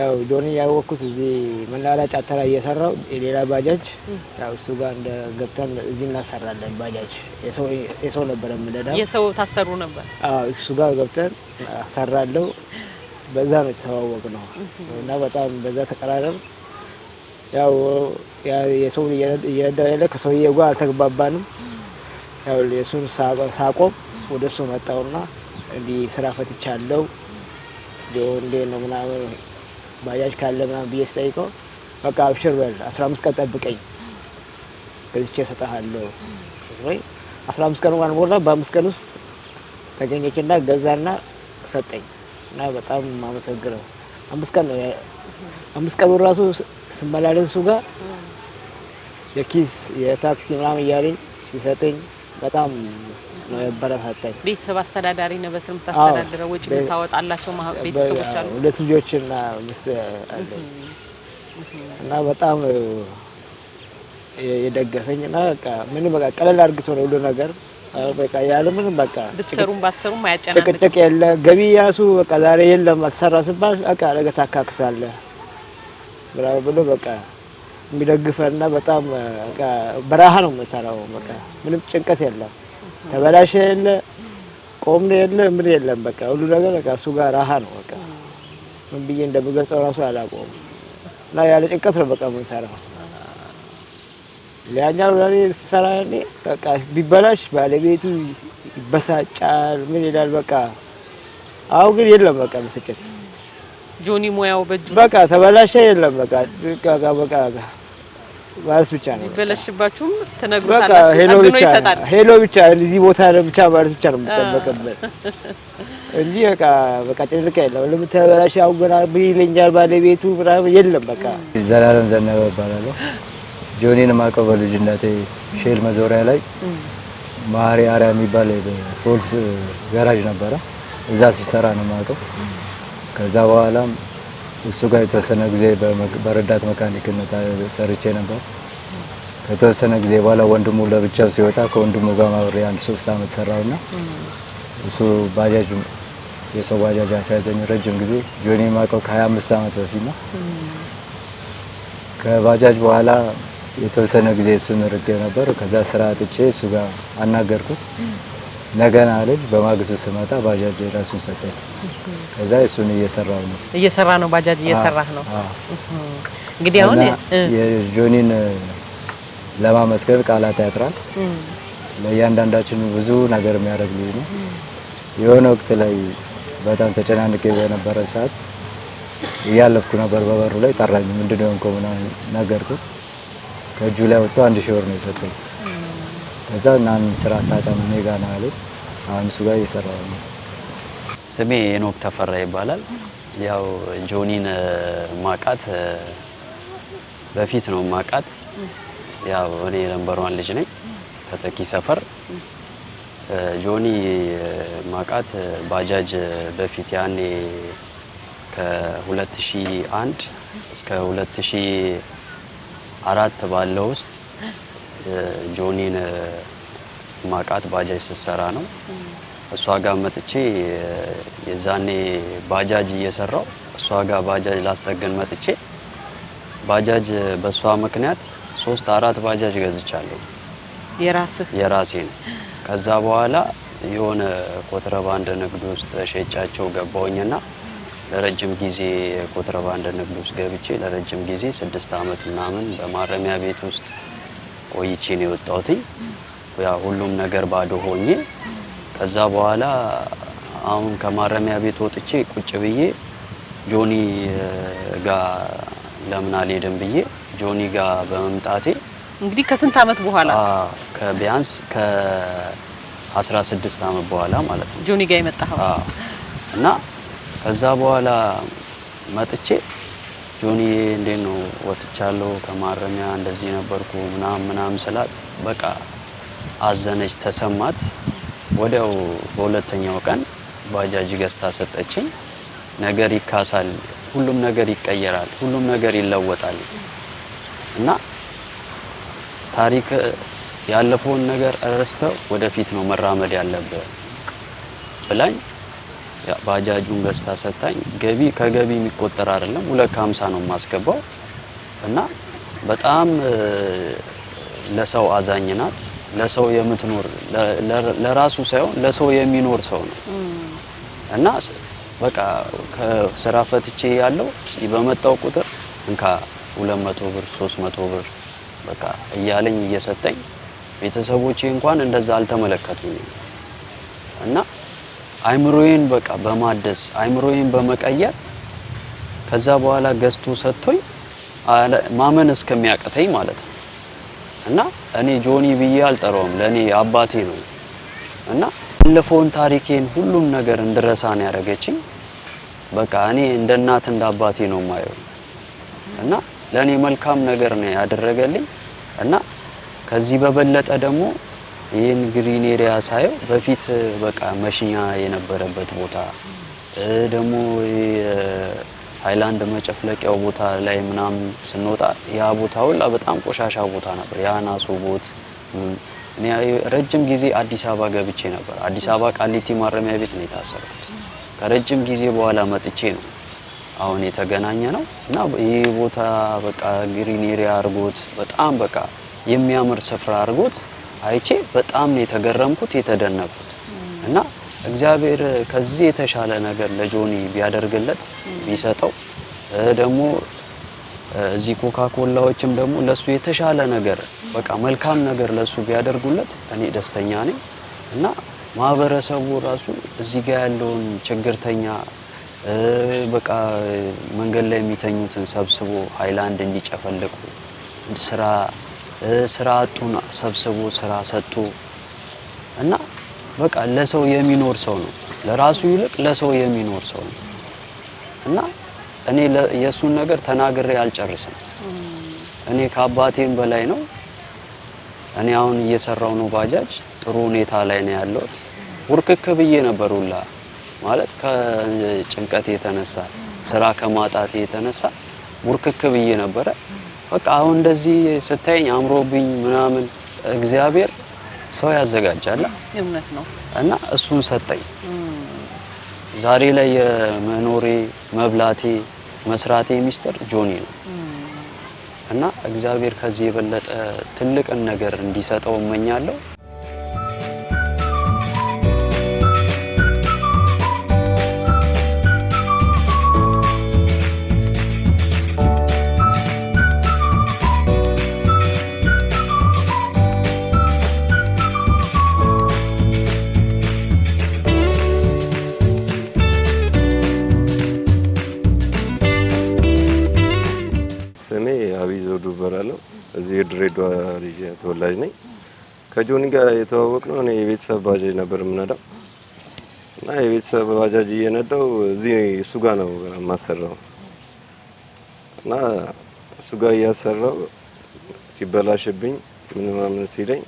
ያው ዶኒ ያወቅኩት እዚህ መላላ ጫታ ላይ እየሰራው የሌላ ባጃጅ ያው እሱ ጋር እንደ ገብተን እዚህ እናሰራለን። ባጃጅ የሰው ነበር የምንነዳ የሰው ታሰሩ ነበር። አዎ እሱ ጋር ገብተን አሰራለው። በዛ ነው የተዋወቅ ነው እና በጣም በዛ ተቀራረብ። ያው የሰው እየነዳ ያለ ከሰውዬው ጋር አልተግባባንም። ያው የእሱን ሳቆም ወደ እሱ መጣውና እንዲህ ስራ ፈትቻለሁ እንዴ ነው ምናምን ባጃጅ ካለ ምናምን ብዬ ስጠይቀው በቃ አብሽር በል አስራ አምስት ቀን ጠብቀኝ ገዝቼ እሰጥሃለሁ። አስራ አምስት ቀን እንኳን ሞላ። በአምስት ቀን ውስጥ ተገኘችና ገዛና ሰጠኝ እና በጣም የማመሰግነው አምስት ቀን ነው። አምስት ቀኑ ራሱ ስመላለስ እሱ ጋር የኪስ የታክሲ ምናምን እያለኝ ሲሰጠኝ በጣም ነው የበረታታኝ። ቤተሰብ አስተዳዳሪ ነው፣ በስር የምታስተዳድረው ወጪ የምታወጣላቸው ቤተሰቦች አሉ። ሁለት እና ሚስት አለኝ እና በጣም የደገፈኝ እና በቃ ምንም በቃ ቀለል አድርግቶ ነው ሁሉ ነገር በቃ ያለ ምንም በቃ ብትሰሩም ባትሰሩም አያጨናንቅም። ጭቅጭቅ የለ ገቢ ያሱ በቃ ዛሬ የለም አትሰራ ስባል በቃ ነገ ታካክሳለህ ብላ ብሎ በቃ የሚደግፈና በጣም በረሃ ነው የምንሰራው። በቃ ምንም ጭንቀት የለም። ተበላሸ የለ ቆምን የለ ምን የለም። በቃ ሁሉ ነገር በቃ እሱ ጋር ረሃ ነው። በቃ ምን ብዬ እንደምገልጸው ራሱ አላውቀውም። እና ያለ ጭንቀት ነው በቃ የምንሰራው። ሊያኛው ለኔ ስሰራ እኔ በቃ ቢበላሽ ባለቤቱ ይበሳጫል፣ ምን ይላል። በቃ አሁን ግን የለም በቃ ብስጭት ጆኒ ሙያው በእጁ በቃ ተበላሸ የለም በቃ በቃ በቃ ማለት ብቻ ነው። ይበለሽባችሁም ተነግሮታል። ይሰጣል። ሄሎ ብቻ እዚህ ቦታ ብቻ ማለት ብቻ ነው የምጠበቅበት እንጂ በቃ በቃ ጭንቅ የለም። ለምትበላሽ አውገና ምን ይለኛል ባለቤቱ ምናምን የለም። በቃ ዘላለም ዘነበ እባላለሁ። ጆኒን የማውቀው በልጅነቴ ሼል መዞሪያ ላይ ማሪ አሪያ የሚባል ፎልስ ጋራጅ ነበረ። እዛ ሲሰራ ነው የማውቀው። ከዛ በኋላም እሱ ጋር የተወሰነ ጊዜ በረዳት መካኒክነት ሰርቼ ነበር። ከተወሰነ ጊዜ በኋላ ወንድሙ ለብቻው ሲወጣ ከወንድሙ ጋር ማብሬ አንድ ሶስት አመት ሰራውና እሱ ባጃጅ የሰው ባጃጅ አስያዘኝ ረጅም ጊዜ። ጆኒ የማውቀው ከ25 አመት በፊት ነው። ከባጃጅ በኋላ የተወሰነ ጊዜ እሱን ርጌ ነበር። ከዛ ስራ አጥቼ እሱ ጋር አናገርኩት። ነገና ልጅ በማግስቱ ስመጣ ባጃጅ ራሱን ሰጠኝ። ከዛ እሱን እየሰራው ነው እየሰራ ነው ባጃጅ እየሰራህ ነው። እንግዲህ አሁን የጆኒን ለማመስገን ቃላት ያጥራል። ለእያንዳንዳችን ብዙ ነገር የሚያደርግ ልጅ ነው። የሆነ ወቅት ላይ በጣም ተጨናንቄ በነበረ ሰዓት እያለፍኩ ነበር። በበሩ ላይ ጠራኝ። ምንድን ነው የሆንከው ምናምን ነገርኩት። ከእጁ ላይ ወጥቶ አንድ ሺህ ብር ነው የሰጠኝ። ከዛ እናን ስራ አታጠና እኔ ጋር ነው ያሉት። አሁን እሱ ጋር እየሰራሁ ነው። ስሜ ሄኖክ ተፈራ ይባላል። ያው ጆኒን ማቃት በፊት ነው ማቃት። ያው እኔ የነንበሯን ልጅ ነኝ ተተኪ ሰፈር ጆኒ ማቃት ባጃጅ በፊት ያኔ ከ2001 እስከ 2004 ባለው ውስጥ ጆኒን ማቃት ባጃጅ ስትሰራ ነው። እሷ ጋር መጥቼ የዛኔ ባጃጅ እየሰራው እሷ ጋር ባጃጅ ላስጠገን መጥቼ ባጃጅ በእሷ ምክንያት ሶስት አራት ባጃጅ ገዝቻለሁ። የራስህ የራሴ ነው። ከዛ በኋላ የሆነ ኮንትሮባንድ ንግድ ውስጥ ሸጫቸው ገባውኝና ለረጅም ጊዜ ኮንትሮባንድ ንግድ ውስጥ ገብቼ ለረጅም ጊዜ ስድስት አመት ምናምን በማረሚያ ቤት ውስጥ ቆይቼ ነው የወጣሁትኝ። ያ ሁሉም ነገር ባዶ ሆኜ ከዛ በኋላ አሁን ከማረሚያ ቤት ወጥቼ ቁጭ ብዬ ጆኒ ጋር ለምን አልሄድም ብዬ ጆኒ ጋር በመምጣቴ እንግዲህ ከስንት አመት በኋላ ከቢያንስ ከ16 አመት በኋላ ማለት ነው ጆኒ ጋር የመጣኸው እና ከዛ በኋላ መጥቼ ጆኒ እንዴት ነው ወጥቻለሁ ከማረሚያ እንደዚህ ነበርኩ ምናም ምናም ስላት በቃ አዘነች፣ ተሰማት። ወዲያው በሁለተኛው ቀን ባጃጅ ገዝታ ሰጠችኝ። ነገር ይካሳል፣ ሁሉም ነገር ይቀየራል፣ ሁሉም ነገር ይለወጣል እና ታሪክ ያለፈውን ነገር ረስተው ወደፊት ነው መራመድ ያለብህ ብላኝ ባጃጁን ገዝታ ሰታኝ ገቢ ከገቢ የሚቆጠር አይደለም። ሁለት ከሀምሳ ነው የማስገባው እና በጣም ለሰው አዛኝ ናት። ለሰው የምትኖር ለራሱ ሳይሆን ለሰው የሚኖር ሰው ነው እና በቃ ከስራ ፈትቼ ያለው በመጣው ቁጥር እንካ ሁለት መቶ ብር ሶስት መቶ ብር በቃ እያለኝ እየሰጠኝ ቤተሰቦቼ እንኳን እንደዛ አልተመለከቱኝም እና አይምሮዬን በቃ በማደስ አይምሮዬን በመቀየር ከዛ በኋላ ገዝቶ ሰጥቶኝ ማመን እስከሚያቅተኝ ማለት ነው። እና እኔ ጆኒ ብዬ አልጠራውም፣ ለእኔ አባቴ ነው። እና ያለፈውን ታሪኬን ሁሉም ነገር እንድረሳ ነው ያደረገችኝ። በቃ እኔ እንደ እናት እንደ አባቴ ነው የማየው። እና ለእኔ መልካም ነገር ነው ያደረገልኝ እና ከዚህ በበለጠ ደግሞ ይህን ግሪን ኤሪያ ሳየው በፊት በቃ መሽኛ የነበረበት ቦታ ደግሞ ሀይላንድ መጨፍለቂያው ቦታ ላይ ምናምን ስንወጣ ያ ቦታ ሁላ በጣም ቆሻሻ ቦታ ነበር። ያ ቦት ረጅም ጊዜ አዲስ አበባ ገብቼ ነበር። አዲስ አበባ ቃሊቲ ማረሚያ ቤት ነው የታሰሩት። ከረጅም ጊዜ በኋላ መጥቼ ነው አሁን የተገናኘ ነው እና ይህ ቦታ በቃ ግሪን ኤሪያ አርጎት በጣም በቃ የሚያምር ስፍራ አርጎት። አይቼ በጣም ነው የተገረምኩት የተደነኩት እና እግዚአብሔር ከዚህ የተሻለ ነገር ለጆኒ ቢያደርግለት ቢሰጠው ደግሞ እዚህ ኮካ ኮላዎችም ደግሞ ለሱ የተሻለ ነገር በቃ መልካም ነገር ለሱ ቢያደርጉለት እኔ ደስተኛ ነኝ እና ማህበረሰቡ ራሱ እዚህ ጋር ያለውን ችግርተኛ በቃ መንገድ ላይ የሚተኙትን ሰብስቦ ሀይላንድ እንዲጨፈልቁ ስራ ስራ አጡን ሰብስቦ ስራ ሰጡ እና በቃ ለሰው የሚኖር ሰው ነው። ለራሱ ይልቅ ለሰው የሚኖር ሰው ነው እና እኔ የእሱን ነገር ተናግሬ አልጨርስም። እኔ ከአባቴም በላይ ነው። እኔ አሁን እየሰራው ነው ባጃጅ፣ ጥሩ ሁኔታ ላይ ነው ያለሁት። ውርክክ ብዬ ነበር ሁላ ማለት ከጭንቀት የተነሳ ስራ ከማጣቴ የተነሳ ውርክክ ብዬ ነበረ። በቃ አሁን እንደዚህ ስታይኝ አምሮብኝ ምናምን እግዚአብሔር ሰው ያዘጋጃል። እምነት ነው እና እሱን ሰጠኝ። ዛሬ ላይ የመኖሬ መብላቴ፣ መስራቴ ሚስጥር ጆኒ ነው እና እግዚአብሔር ከዚህ የበለጠ ትልቅን ነገር እንዲሰጠው እመኛለሁ። ከጆኒ ጋር የተዋወቅ ነው። እኔ የቤተሰብ ባጃጅ ነበር የምነዳው እና የቤተሰብ ባጃጅ እየነዳው እዚህ እሱ ጋር ነው የማሰራው እና እሱ ጋር እያሰራው ሲበላሽብኝ ምን ምናምን ሲለኝ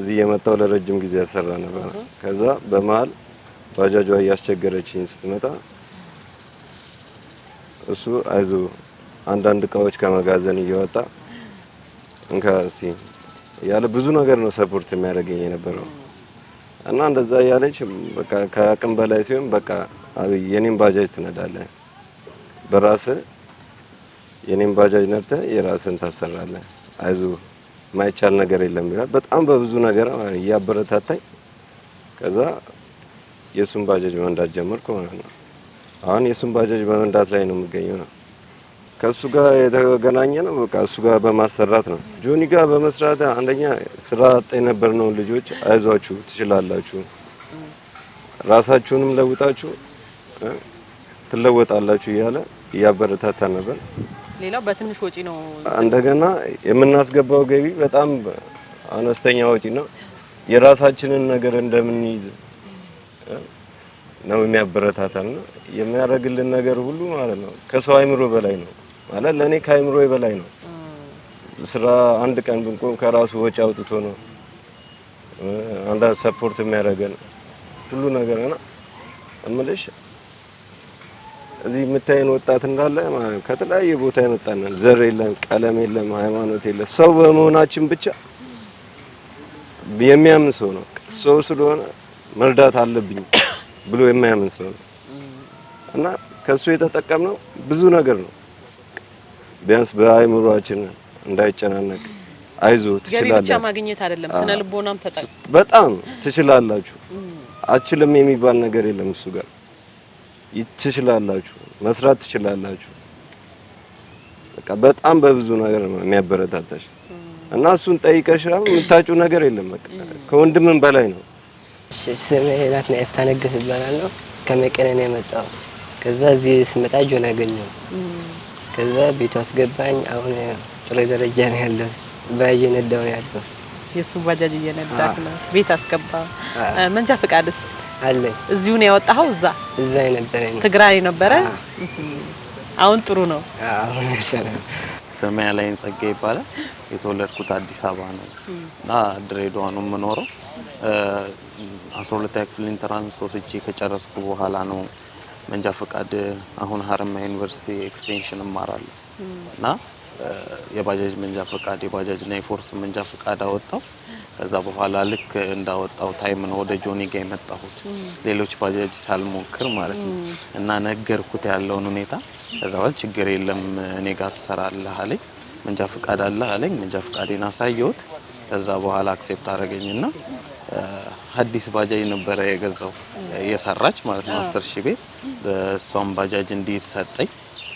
እዚህ የመጣው ለረጅም ጊዜ ያሰራ ነበር። ከዛ በመሀል ባጃጇ እያስቸገረችኝ ስትመጣ እሱ አይዞ አንዳንድ እቃዎች ከመጋዘን እያወጣ እንካ እስኪ ያለ ብዙ ነገር ነው ሰፖርት የሚያደርገኝ የነበረው እና እንደዛ እያለች በቃ ከአቅም በላይ ሲሆን በቃ አብይ የኔን ባጃጅ ትነዳለህ በራስህ የኔም ባጃጅ ነርተ የራስን ታሰራለህ፣ አይዞህ ማይቻል ነገር የለም ይላል። በጣም በብዙ ነገር እያበረታታኝ ከዛ የሱን ባጃጅ መንዳት ጀመርኩ ማለት ነው። አሁን የሱን ባጃጅ በመንዳት ላይ ነው የምገኘው ነው ከእሱ ጋር የተገናኘ ነው። በቃ እሱ ጋር በማሰራት ነው። ጆኒ ጋር በመስራት አንደኛ ስራ አጣ የነበር ነው። ልጆች አይዟችሁ፣ ትችላላችሁ፣ ራሳችሁንም ለውጣችሁ ትለወጣላችሁ እያለ እያበረታታ ነበር። ሌላው በትንሽ ወጪ ነው። እንደገና የምናስገባው ገቢ በጣም አነስተኛ ወጪ ነው። የራሳችንን ነገር እንደምንይዝ ነው የሚያበረታታና የሚያደርግልን ነገር ሁሉ ማለት ነው ከሰው አይምሮ በላይ ነው። ማለት ለእኔ ከአይምሮ በላይ ነው። ስራ አንድ ቀን ብንቆም ከራሱ ወጪ አውጥቶ ነው አንዳ ሰፖርት የሚያደርገን ሁሉ ነገር እና እምልሽ እዚህ የምታይን ወጣት እንዳለ ከተለያየ ቦታ የመጣነን ዘር የለም፣ ቀለም የለም፣ ሃይማኖት የለም። ሰው በመሆናችን ብቻ የሚያምን ሰው ነው። ሰው ስለሆነ መርዳት አለብኝ ብሎ የማያምን ሰው ነው እና ከሱ የተጠቀምነው ብዙ ነገር ነው። ቢያንስ በአይምሯችን እንዳይጨናነቅ አይዞ ትችላለህ ማግኘት አይደለም ስነ ልቦናም ተጠቅ በጣም ትችላላችሁ። አችልም የሚባል ነገር የለም እሱ ጋር ትችላላችሁ፣ መስራት ትችላላችሁ። በቃ በጣም በብዙ ነገር ነው የሚያበረታታሽ እና እሱን ጠይቀሽ የምታጩ ነገር የለም። በቃ ከወንድምም በላይ ነው። እሺ ስሜ ናትናኤል ታነገስ ይባላል ነው ከመቀሌ ነው የመጣው። ከዛ እዚህ ስመጣ ጆን አገኘው ከዛ ቤቱ አስገባኝ። አሁን ጥሩ ደረጃ ነው ያለው። ባጃጅ እየነዳሁ ነው ያለው። የሱ ባጃጅ እየነዳ ነው። ቤት አስገባ። መንጃ ፈቃድስ አለ? እዚሁ ነው ያወጣኸው? እዛ እዛ የነበረ ትግራይ ነበረ። አሁን ጥሩ ነው። አሁን ሰላም። ስሜ ያላይን ጸጋ ይባላል። የተወለድኩት አዲስ አበባ ነው እና ድሬዳዋ ነው የምኖረው። አስራ ሁለተኛ ክፍል ኢንትራንስ ወስጄ ከጨረስኩ በኋላ ነው መንጃ ፈቃድ አሁን ሀረማያ ዩኒቨርሲቲ ኤክስቴንሽን እማራለሁ እና የባጃጅ መንጃ ፈቃድ የባጃጅ የፎርስ መንጃ ፈቃድ አወጣው። ከዛ በኋላ ልክ እንዳወጣው ታይም ነው ወደ ጆኒ ጋ የመጣሁት ሌሎች ባጃጅ ሳልሞክር ማለት ነው። እና ነገርኩት ያለውን ሁኔታ። ከዛ በኋላ ችግር የለም እኔ ጋር ትሰራለህ አለኝ። መንጃ ፈቃድ አለህ አለኝ። መንጃ ፈቃዴን አሳየሁት። ከዛ በኋላ አክሴፕት አደረገኝና ሀዲስ ባጃጅ ነበረ የገዛው የሰራች ማለት ነው። አስር ሺህ ቤት በእሷን ባጃጅ እንዲሰጠኝ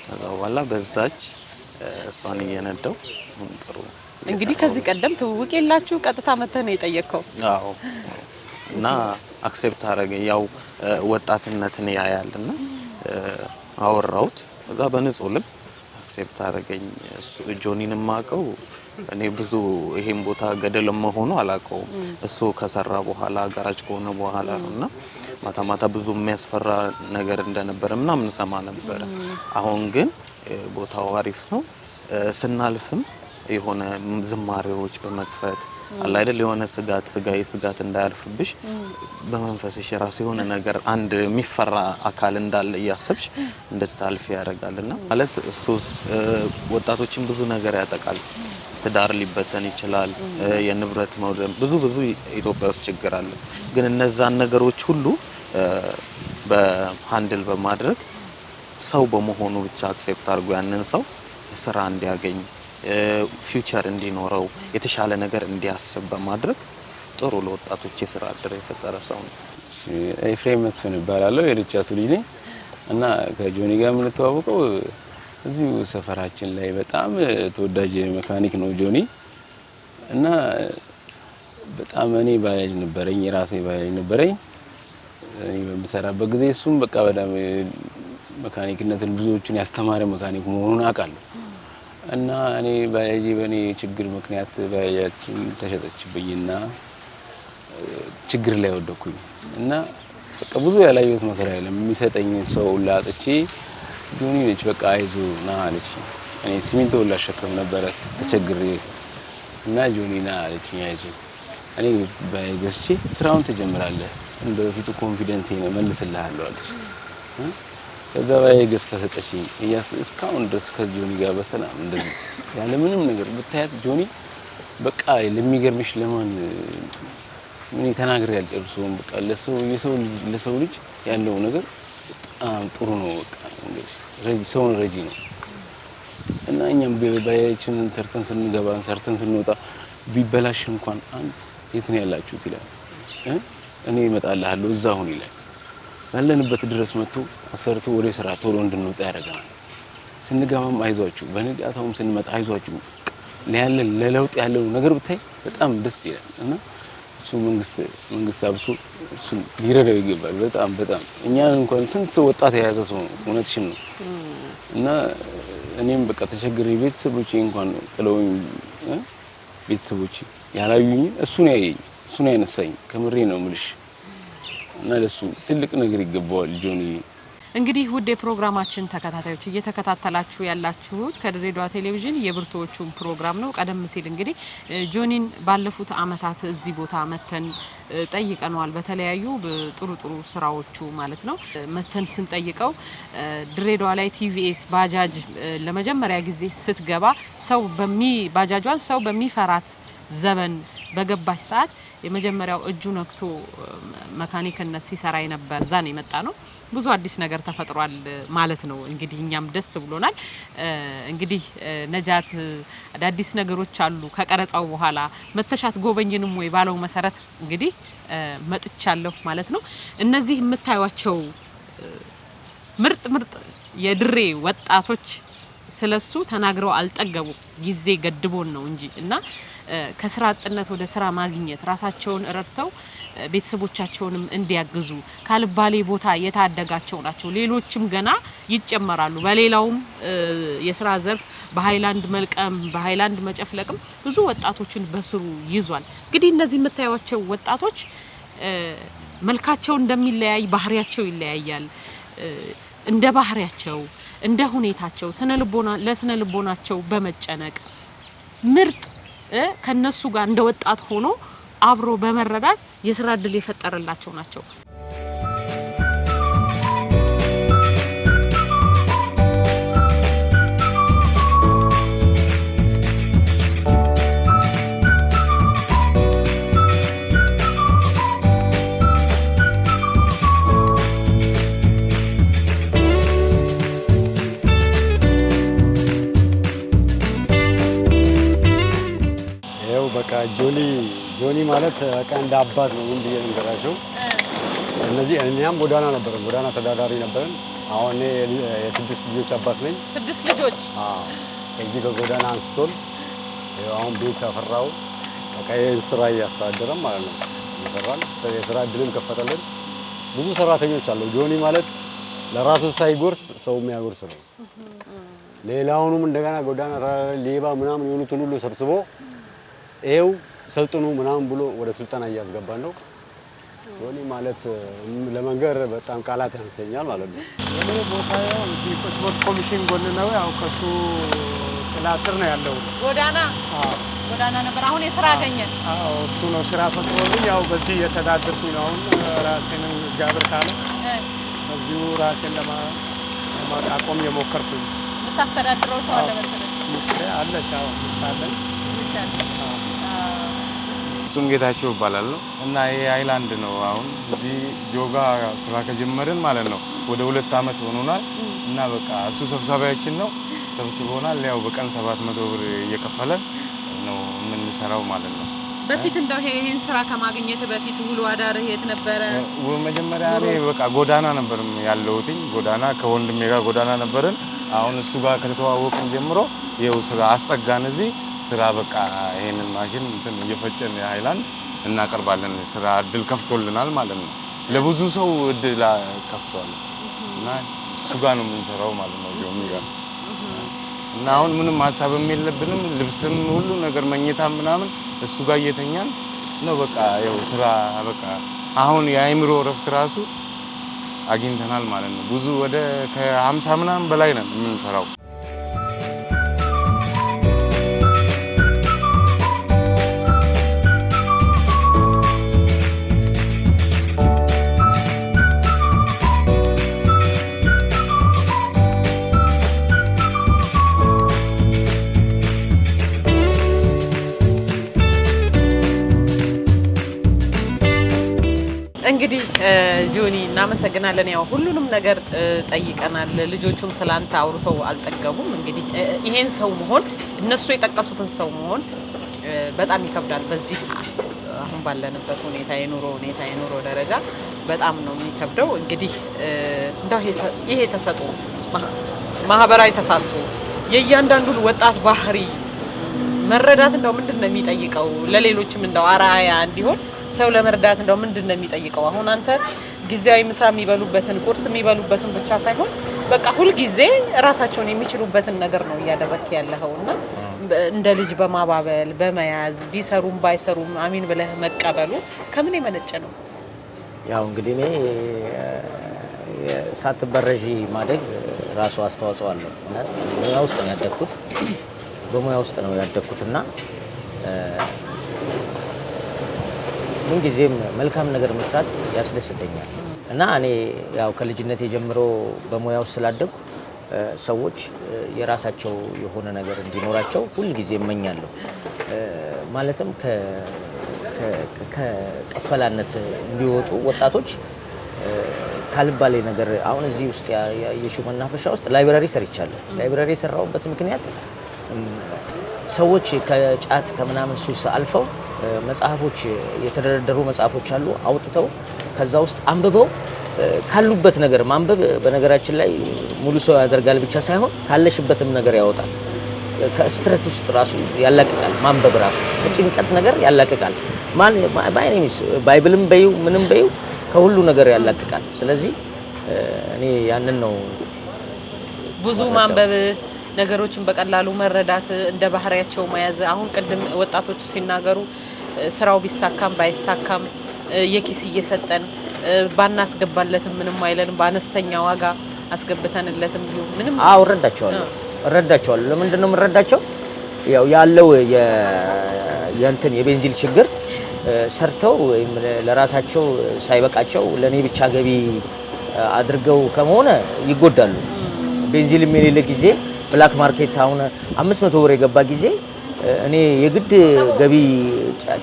ከዛ በኋላ በዛች እሷን እየነዳው ጥሩ እንግዲህ ከዚህ ቀደም ትውውቅ የላችሁ ቀጥታ መተህ ነው የጠየቅከው? አዎ። እና አክሴፕት አረገ ያው ወጣትነትን ያያል ና አወራውት እዛ በንጹህ ልብ አክሴፕት አረገኝ እሱ ጆኒን የማውቀው እኔ ብዙ ይሄን ቦታ ገደል መሆኑ አላውቀውም። እሱ ከሰራ በኋላ ጋራጅ ከሆነ በኋላ ነው እና ማታ ማታ ብዙ የሚያስፈራ ነገር እንደነበረ ምናምን ሰማ ነበረ። አሁን ግን ቦታው አሪፍ ነው። ስናልፍም የሆነ ዝማሬዎች በመክፈት አለ አይደል የሆነ ስጋት ስጋዬ ስጋት እንዳያልፍብሽ በመንፈስሽ ራሱ የሆነ ነገር አንድ የሚፈራ አካል እንዳለ እያሰብሽ እንድታልፍ ያደርጋልና ማለት ሱስ ወጣቶችን ብዙ ነገር ያጠቃል። ትዳር ሊበተን ይችላል። የንብረት መውደም፣ ብዙ ብዙ ኢትዮጵያ ውስጥ ችግር አለ። ግን እነዛን ነገሮች ሁሉ በሃንድል በማድረግ ሰው በመሆኑ ብቻ አክሴፕት አድርጎ ያንን ሰው ስራ እንዲያገኝ ፊውቸር እንዲኖረው የተሻለ ነገር እንዲያስብ በማድረግ ጥሩ ለወጣቶች የስራ እድል የፈጠረ ሰው ነው። ኤፍሬም መስፍን እባላለሁ የርጫቱ ልጅ ነኝ እና ከጆኒ ጋር የምንተዋወቀው እዚሁ ሰፈራችን ላይ በጣም ተወዳጅ መካኒክ ነው ጆኒ እና በጣም እኔ ባጃጅ ነበረኝ፣ የራሴ ባጃጅ ነበረኝ በምሰራበት ጊዜ። እሱም በቃ በጣም መካኒክነትን ብዙዎችን ያስተማረ መካኒክ መሆኑን አውቃለሁ። እና እኔ ባያጅ በእኔ ችግር ምክንያት ባጃጃችን ተሸጠችብኝና ችግር ላይ ወደኩኝ እና በቃ ብዙ ያላየሁት መከራ የለም የሚሰጠኝ ሰው ላጥቼ ዱኒ ነች። በቃ አይዞ ና አለች። እኔ ሲሚንቶ ላሸከም ነበረ ተቸግሬ እና ጆኒ ና አለች። አይዞ እኔ በገዝቼ ስራውን ትጀምራለህ እንደ በፊቱ ኮንፊደንት ነው መልስልሃለሁ አለች። ከዛ ባይ ገዝታ ሰጠችኝ። እስካሁን ድረስ ከጆኒ ጋር በሰላም እንደዚህ ያለ ምንም ነገር ብታያት ጆኒ በቃ ለሚገርምሽ ለማን ምን ተናግሬ ያልጨርሰውም በቃ ለሰው የሰው ለሰው ልጅ ያለው ነገር በጣም ጥሩ ነው። ሰውን ረጂ ነው እና እኛም በያችንን ሰርተን ስንገባ ሰርተን ስንወጣ ቢበላሽ እንኳን አንድ የት ነው ያላችሁት ይላል። እኔ እመጣልሃለሁ እዛ አሁን ይላል። ያለንበት ድረስ መጥቶ አሰርቶ ወደ ስራ ቶሎ እንድንወጣ ያደርገናል። ስንገባም አይዟችሁ፣ በንጋታውም ስንመጣ አይዟችሁ፣ ያለን ለለውጥ ያለው ነገር ብታይ በጣም ደስ ይላል እና እሱ መንግስት መንግስት አብሶ እሱ ሊረዳው ይገባል። በጣም በጣም እኛን እንኳን ስንት ሰው ወጣት የያዘ ሰው ነው። እውነትሽን ነው። እና እኔም በቃ ተቸግሬ ቤተሰቦቼ እንኳን ጥለውኝ ቤተሰቦቼ ያላዩኝ እሱ ነው ያየኝ፣ እሱ ነው ያነሳኝ። ከምሬ ነው ምልሽ እና ለሱ ትልቅ ነገር ይገባዋል ልጆን እንግዲህ ውድ የፕሮግራማችን ተከታታዮች እየተከታተላችሁ ያላችሁት ከድሬዳዋ ቴሌቪዥን የብርቱዎቹን ፕሮግራም ነው። ቀደም ሲል እንግዲህ ጆኒን ባለፉት አመታት እዚህ ቦታ መተን ጠይቀነዋል። በተለያዩ ጥሩ ጥሩ ስራዎቹ ማለት ነው መተን ስንጠይቀው ድሬዳዋ ላይ ቲቪኤስ ባጃጅ ለመጀመሪያ ጊዜ ስትገባ ሰው በሚ ባጃጇን ሰው በሚፈራት ዘበን በገባች ሰዓት የመጀመሪያው እጁ ነክቶ መካኒክነት ሲሰራ የነበር እዛ ነው የመጣ ነው። ብዙ አዲስ ነገር ተፈጥሯል ማለት ነው። እንግዲህ እኛም ደስ ብሎናል። እንግዲህ ነጃት አዳዲስ ነገሮች አሉ። ከቀረጻው በኋላ መተሻት ጎበኝንም ወይ ባለው መሰረት እንግዲህ መጥቻለሁ ማለት ነው። እነዚህ የምታዩቸው ምርጥ ምርጥ የድሬ ወጣቶች ስለሱ ተናግረው አልጠገቡም። ጊዜ ገድቦን ነው እንጂ እና ከስራ አጥነት ወደ ስራ ማግኘት ራሳቸውን ረድተው ቤተሰቦቻቸውንም እንዲያግዙ ካልባሌ ቦታ የታደጋቸው ናቸው። ሌሎችም ገና ይጨመራሉ። በሌላውም የስራ ዘርፍ በሀይላንድ መልቀም፣ በሀይላንድ መጨፍለቅም ብዙ ወጣቶችን በስሩ ይዟል። እንግዲህ እነዚህ የምታዩቸው ወጣቶች መልካቸው እንደሚለያይ ባህሪያቸው ይለያያል። እንደ ባህሪያቸው እንደ ሁኔታቸው ስነ ልቦና ለስነ ልቦናቸው በመጨነቅ ምርጥ ከነሱ ጋር እንደ ወጣት ሆኖ አብሮ በመረዳት የስራ እድል የፈጠረላቸው ናቸው። በቃ ጆኒ ጆኒ ማለት በቃ እንደ አባት ነው። ምን ብዬ ልንገራቸው? እነዚህ እኛም ጎዳና ነበረን፣ ጎዳና ተዳዳሪ ነበረን። አሁን የስድስት ልጆች አባት ነኝ። ስድስት ልጆች ከዚህ ከጎዳና አንስቶን አሁን ቤት አፈራው። በቃ ይህን ስራ እያስተዳደረም ማለት ነው ይሰራል። የስራ እድልም ከፈተልን። ብዙ ሰራተኞች አለው። ጆኒ ማለት ለራሱ ሳይጎርስ ሰው የሚያጎርስ ነው። ሌላውንም እንደገና ጎዳና ሌባ ምናምን የሆኑትን ሁሉ ሰብስቦ ይሄው ሰልጥኑ ምናምን ብሎ ወደ ስልጠና እያስገባን ነው። ዮኒ ማለት ለመንገር በጣም ቃላት ያንሰኛል ማለት ነው። እኔ ቦታዬ ስፖርት ኮሚሽን ጎን ነው። ያው ከሱ ጥላ ስር ነው ያለው። ጎዳና ጎዳና ነበር። አሁን የስራ አገኘ እሱ ነው ስራ ፈጥሮልኝ፣ ያው በዚህ እየተዳደርኩኝ ነው። አሁን ራሴን ጋብር ካለ እዚሁ ራሴን ለማቋቋም የሞከርኩኝ። የምታስተዳድረው ሰው አለ መሰለኝ? አለች። አዎ አለኝ ይወዳል። እሱም ጌታቸው ይባላል ነው እና ይሄ አይላንድ ነው። አሁን እዚህ ጆጋ ስራ ከጀመርን ማለት ነው ወደ ሁለት ዓመት ሆኖናል። እና በቃ እሱ ሰብሳቢያችን ነው፣ ሰብስቦናል። ያው በቀን ሰባት መቶ ብር እየከፈለን ነው የምንሰራው ማለት ነው። በፊት እንደው ይሄን ስራ ከማግኘት በፊት ውሎ አዳር የት ነበረ? መጀመሪያ እኔ በቃ ጎዳና ነበር ያለሁትኝ። ጎዳና ከወንድሜ ጋር ጎዳና ነበርን። አሁን እሱ ጋር ከተተዋወቅን ጀምሮ ይኸው ስራ አስጠጋን እዚህ ስራ በቃ ይሄንን ማሽን እንትን እየፈጨን ሃይላንድ እናቀርባለን። ስራ እድል ከፍቶልናል ማለት ነው። ለብዙ ሰው እድል ከፍቷል እና እሱ ጋ ነው የምንሰራው ማለት ነው ጆሚ ጋ እና አሁን ምንም ሀሳብም የለብንም። ልብስም ሁሉ ነገር መኝታ ምናምን እሱ ጋር እየተኛን ነው። በቃ ያው ስራ በቃ አሁን የአይምሮ እረፍት ራሱ አግኝተናል ማለት ነው። ብዙ ወደ ከሀምሳ ምናምን በላይ ነን የምንሰራው። እናመሰግናለን። ያው ሁሉንም ነገር ጠይቀናል። ልጆቹም ስላንተ አውርተው አልጠገቡም። እንግዲህ ይሄን ሰው መሆን እነሱ የጠቀሱትን ሰው መሆን በጣም ይከብዳል። በዚህ ሰዓት አሁን ባለንበት ሁኔታ የኑሮ ሁኔታ የኑሮ ደረጃ በጣም ነው የሚከብደው። እንግዲህ እንደው ይሄ ተሰጦ ማህበራዊ ተሳትፎ የእያንዳንዱን ወጣት ባህሪ መረዳት እንደው ምንድን ነው የሚጠይቀው? ለሌሎችም እንደው አርአያ እንዲሆን ሰው ለመርዳት እንደው ምንድን ነው የሚጠይቀው? አሁን አንተ ጊዜያዊ ምሳ የሚበሉበትን ቁርስ የሚበሉበትን ብቻ ሳይሆን በቃ ሁልጊዜ ራሳቸውን የሚችሉበትን ነገር ነው እያደረክ ያለኸው እና እንደ ልጅ በማባበል በመያዝ ቢሰሩም ባይሰሩም አሚን ብለህ መቀበሉ ከምን የመነጨ ነው? ያው እንግዲህ እኔ ሳትበረዥ ማደግ ራሱ አስተዋጽኦ አለው። ሙያ ውስጥ ነው ያደግኩት፣ በሙያ ውስጥ ነው ያደግኩት እና ምንጊዜም መልካም ነገር መስራት ያስደስተኛል። እና እኔ ያው ከልጅነት የጀምሮ በሙያው ስላደጉ ሰዎች የራሳቸው የሆነ ነገር እንዲኖራቸው ሁል ጊዜ እመኛለሁ። ማለትም ከቀፈላነት እንዲወጡ ወጣቶች ካልባሌ ነገር አሁን እዚህ ውስጥ የሹ መናፈሻ ውስጥ ላይብራሪ ሰርቻለሁ። ላይብራሪ የሰራሁበት ምክንያት ሰዎች ከጫት ከምናምን ሱስ አልፈው መጽሐፎች የተደረደሩ መጽሐፎች አሉ አውጥተው ከዛ ውስጥ አንብበው ካሉበት ነገር ማንበብ በነገራችን ላይ ሙሉ ሰው ያደርጋል ብቻ ሳይሆን ካለሽበትም ነገር ያወጣል። ከስትረት ውስጥ ራሱ ያላቅቃል። ማንበብ ራሱ ከጭንቀት ነገር ያላቅቃል። ማይነሚስ ባይብልም በይው ምንም በይው ከሁሉ ነገር ያላቅቃል። ስለዚህ እኔ ያንን ነው ብዙ ማንበብ ነገሮችን በቀላሉ መረዳት እንደ ባህሪያቸው መያዝ። አሁን ቅድም ወጣቶቹ ሲናገሩ ስራው ቢሳካም ባይሳካም የኪስ እየሰጠን ባናስገባለትም ምንም አይለንም። በአነስተኛ ዋጋ አስገብተንለትም ቢሆን ምንም አዎ፣ እረዳቸዋለሁ እረዳቸዋለሁ። ለምንድን ነው የምንረዳቸው? ያው ያለው የእንትን የቤንዚል ችግር ሰርተው ወይም ለራሳቸው ሳይበቃቸው ለእኔ ብቻ ገቢ አድርገው ከሆነ ይጎዳሉ። ቤንዚልም የሌለ ጊዜ ብላክ ማርኬት አሁን አምስት መቶ ብር የገባ ጊዜ እኔ የግድ ገቢ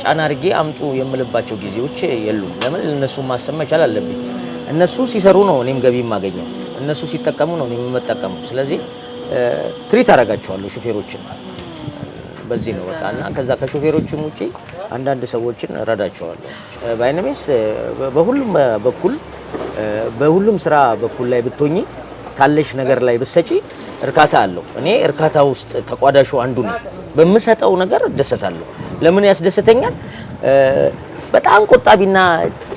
ጫና አድርጌ አምጡ የምልባቸው ጊዜዎች የሉም። ለምን እነሱ ማሰብ መቻል አለብኝ። እነሱ ሲሰሩ ነው እኔም ገቢ የማገኘው፣ እነሱ ሲጠቀሙ ነው እኔም የምጠቀመው። ስለዚህ ትሪት አደርጋቸዋለሁ ሹፌሮችን በዚህ ነው በቃ። እና ከዛ ከሾፌሮችም ውጪ አንዳንድ ሰዎችን ረዳቸዋለሁ። ባይነሚስ በሁሉም በኩል በሁሉም ስራ በኩል ላይ ብትሆኚ ካለሽ ነገር ላይ ብትሰጪ እርካታ አለው። እኔ እርካታ ውስጥ ተቋዳሹ አንዱ ነው። በምሰጠው ነገር እደሰታለሁ። ለምን ያስደሰተኛል? በጣም ቆጣቢና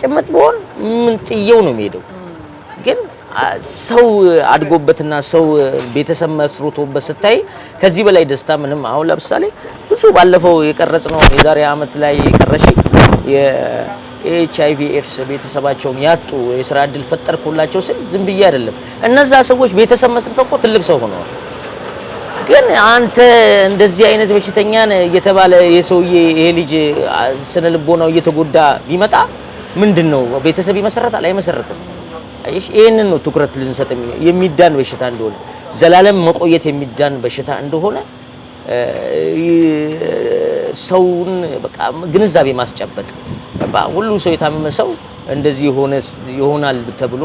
ጭምት ብሆን ምን ጥየው ነው የሚሄደው። ግን ሰው አድጎበትና ሰው ቤተሰብ መስርቶበት ስታይ ከዚህ በላይ ደስታ ምንም። አሁን ለምሳሌ ብዙ ባለፈው የቀረጽ ነው የዛሬ አመት ላይ የቀረሽ ኤች አይ ቪ ኤድስ ቤተሰባቸውን ያጡ የስራ እድል ፈጠርኩላቸው ስል ዝም ብዬ አይደለም። እነዛ ሰዎች ቤተሰብ መስርተው እኮ ትልቅ ሰው ሆነዋል። ግን አንተ እንደዚህ አይነት በሽተኛን እየተባለ የሰውዬ ይሄ ልጅ ስነ ልቦናው እየተጎዳ ቢመጣ ምንድን ነው ቤተሰብ ይመሰረታል? አይመሰረትም። አይሽ ይህንን ነው ትኩረት ልንሰጥ የሚዳን በሽታ እንደሆነ ዘላለም መቆየት የሚዳን በሽታ እንደሆነ ሰውን በቃ ግንዛቤ ማስጨበጥ ሁሉ ሰው የታመመ ሰው እንደዚህ ይሆናል ተብሎ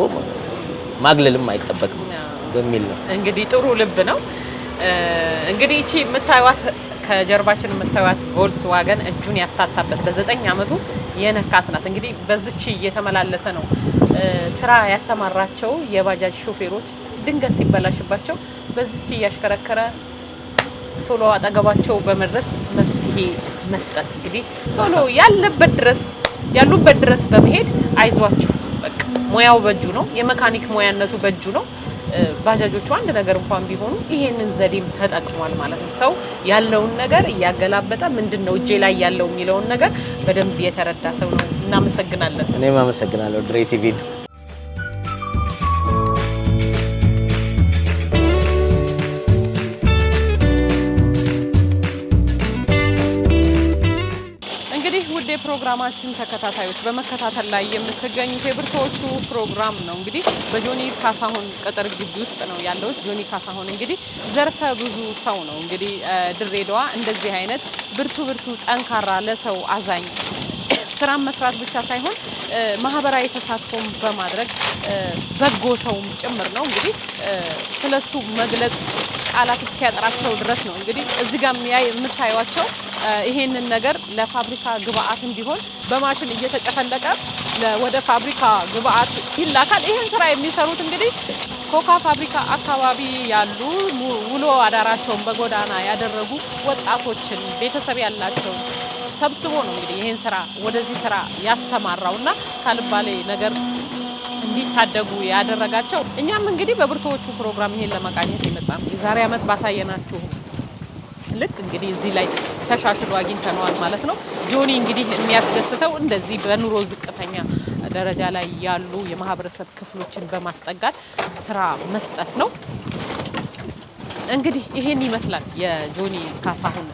ማግለልም አይጠበቅም በሚል ነው። እንግዲህ ጥሩ ልብ ነው። እንግዲህ እቺ የምታዩት ከጀርባችን የምታዩት ቮልስ ዋገን እጁን ያፍታታበት በዘጠኝ አመቱ የነካት ናት። እንግዲህ በዚች እየተመላለሰ ነው ስራ ያሰማራቸው የባጃጅ ሾፌሮች ድንገት ሲበላሽባቸው በዚች እያሽከረከረ ቶሎ አጠገባቸው በመድረስ መፍትሄ መስጠት እንግዲህ ቶሎ ያለበት ድረስ ያሉበት ድረስ በመሄድ አይዟችሁ፣ በቃ ሙያው በእጁ ነው፣ የመካኒክ ሙያነቱ በእጁ ነው። ባጃጆቹ አንድ ነገር እንኳን ቢሆኑ ይሄንን ዘዴም ተጠቅሟል ማለት ነው። ሰው ያለውን ነገር እያገላበጠ ምንድን ነው እጄ ላይ ያለው የሚለውን ነገር በደንብ የተረዳ ሰው ነው። እናመሰግናለን። እኔም አመሰግናለሁ ድሬ ቲቪን ፕሮግራማችን ተከታታዮች በመከታተል ላይ የምትገኙት የብርቶቹ ፕሮግራም ነው። እንግዲህ በጆኒ ካሳሁን ቅጥር ግቢ ውስጥ ነው ያለሁት። ጆኒ ካሳሁን እንግዲህ ዘርፈ ብዙ ሰው ነው። እንግዲህ ድሬዳዋ እንደዚህ አይነት ብርቱ ብርቱ ጠንካራ ለሰው አዛኝ ስራን መስራት ብቻ ሳይሆን ማህበራዊ ተሳትፎም በማድረግ በጎ ሰውም ጭምር ነው። እንግዲህ ስለሱ መግለጽ ቃላት እስኪያጠራቸው ድረስ ነው። እንግዲህ እዚህ ጋር የምታዩቸው ይሄንን ነገር ለፋብሪካ ግብአት እንዲሆን በማሽን እየተጨፈለቀ ወደ ፋብሪካ ግብአት ይላካል። ይህን ስራ የሚሰሩት እንግዲህ ኮካ ፋብሪካ አካባቢ ያሉ ውሎ አዳራቸውን በጎዳና ያደረጉ ወጣቶችን ቤተሰብ ያላቸውን ሰብስቦ ነው እንግዲህ ይህን ስራ ወደዚህ ስራ ያሰማራው እና ካልባሌ ነገር እንዲታደጉ ያደረጋቸው። እኛም እንግዲህ በብርቱዎቹ ፕሮግራም ይሄን ለመቃኘት የመጣ ነው። የዛሬ ዓመት ባሳየናችሁ ልክ እንግዲህ እዚህ ላይ ተሻሽሎ አግኝተነዋል ማለት ነው። ጆኒ እንግዲህ የሚያስደስተው እንደዚህ በኑሮ ዝቅተኛ ደረጃ ላይ ያሉ የማህበረሰብ ክፍሎችን በማስጠጋት ስራ መስጠት ነው። እንግዲህ ይሄን ይመስላል የጆኒ ካሳሁን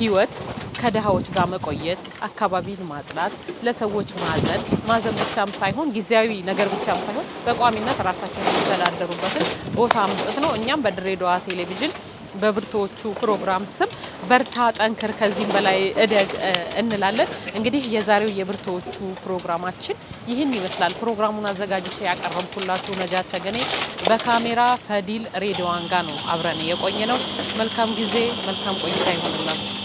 ህይወት ከድሃዎች ጋር መቆየት፣ አካባቢን ማጽዳት፣ ለሰዎች ማዘን ማዘን ብቻም ሳይሆን ጊዜያዊ ነገር ብቻም ሳይሆን በቋሚነት ራሳቸውን የሚተዳደሩበትን ቦታ መስጠት ነው። እኛም በድሬዳዋ ቴሌቪዥን በብርቶቹ ፕሮግራም ስም በርታ፣ ጠንክር፣ ከዚህም በላይ እደግ እንላለን። እንግዲህ የዛሬው የብርቶቹ ፕሮግራማችን ይህን ይመስላል። ፕሮግራሙን አዘጋጅቼ ያቀረብኩላችሁ ነጃት ተገኔ፣ በካሜራ ፈዲል ሬዲዋን ነው አብረን የቆየ ነው። መልካም ጊዜ፣ መልካም ቆይታ ይሆንላችሁ።